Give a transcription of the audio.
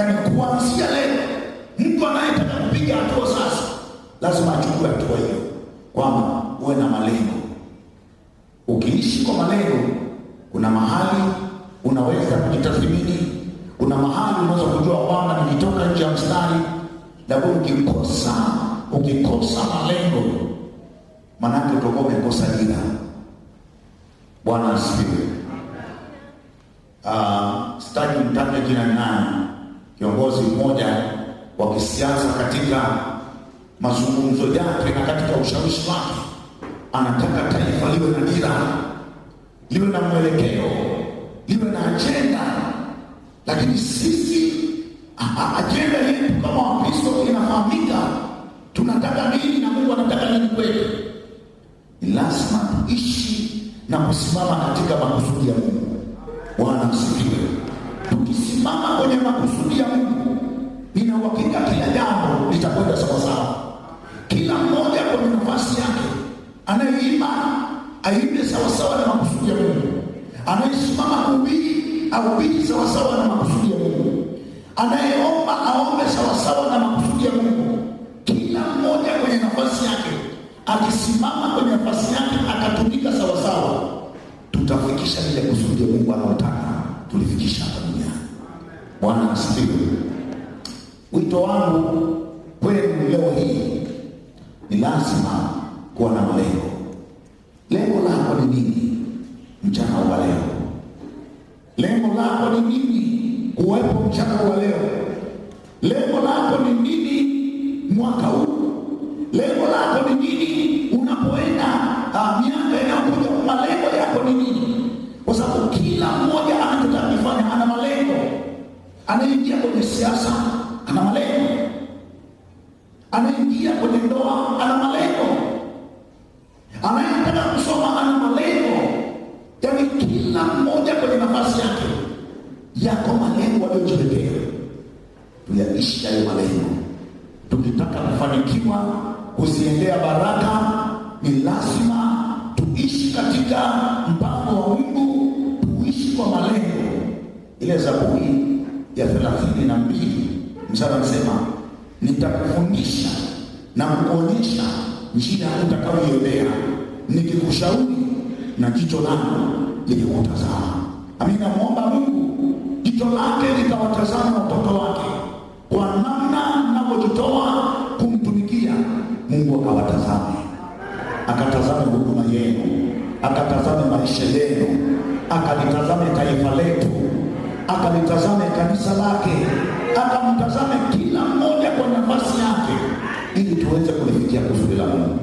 Yaani kuanzia leo mtu anayetaka kupiga hatua sasa lazima achukue hatua hiyo, kwamba uwe na malengo. Ukiishi kwa malengo, kuna mahali unaweza kujitathmini, kuna mahali unaweza kujua kwamba nikitoka nje ya mstari. Lakini ukikosa ukikosa malengo, manake utakuwa umekosa dira. Bwana asifiwe. Uh, sitaki mtaje jina nani kiongozi mmoja wa kisiasa katika mazungumzo yake na katika ushawishi wake anataka taifa liwe na dira, liwe na mwelekeo, liwe na ajenda. Lakini sisi ajenda yetu kama Wakristo inafahamika, tunataka nini na Mungu anataka nini kwetu. Ni lazima tuishi na kusimama katika makusudi ya Mungu. Bwana asifiwe. Tukisimama kwenye makusudi ya Mungu, nina uhakika kila jambo litakwenda sawasawa, kila mmoja kwenye nafasi yake. Anayeimba aimbe sawasawa na makusudi ya Mungu, anayesimama kuhubiri ahubiri sawasawa na makusudi ya Mungu, anayeomba aombe sawasawa na makusudi ya Mungu. Kila mmoja kwenye nafasi yake akisimama kwenye nafasi yake akatumika sawasawa, tutafikisha lile kusudi ya Mungu anaotaka tulifikia. Bwana asifiwe. Wito wangu kwenu leo hii ni lazima kuwa na malengo. Lengo lako ni nini mchana wa leo? Lengo lako ni nini kuwepo mchana wa leo? Lengo lako ni nini mwaka huu? Lengo lako ni nini unapoenda ah, miaka inayokuja? Malengo yako ni nini? Kwa sababu kila mmoja Anaingia kwenye siasa ana malengo, anaingia kwenye ndoa ana malengo, anayependa kusoma ana malengo. Yaani kila mmoja kwenye nafasi yake yako malengo aliyojiwekea, tuyaishi hayo malengo. Tukitaka kufanikiwa kuziendea baraka, ni lazima tuishi katika mpango wa Mungu, tuishi kwa malengo. Ile Zaburi ya thelathini na mbili msara msema, nitakufundisha na kuonyesha njia utakayoiendea, nikikushauri na jicho langu likikutazama. Amina, muomba Mungu jicho lake litawatazama watoto wake kwa namna mnavyojitoa kumtumikia Mungu, akawatazame akatazame huduma yenu, akatazame maisha yenu, akalitazame taifa letu akalitazame kanisa lake, akamtazame kila mmoja kwa nafasi yake, ili tuweze kulifikia kusudi la Mungu.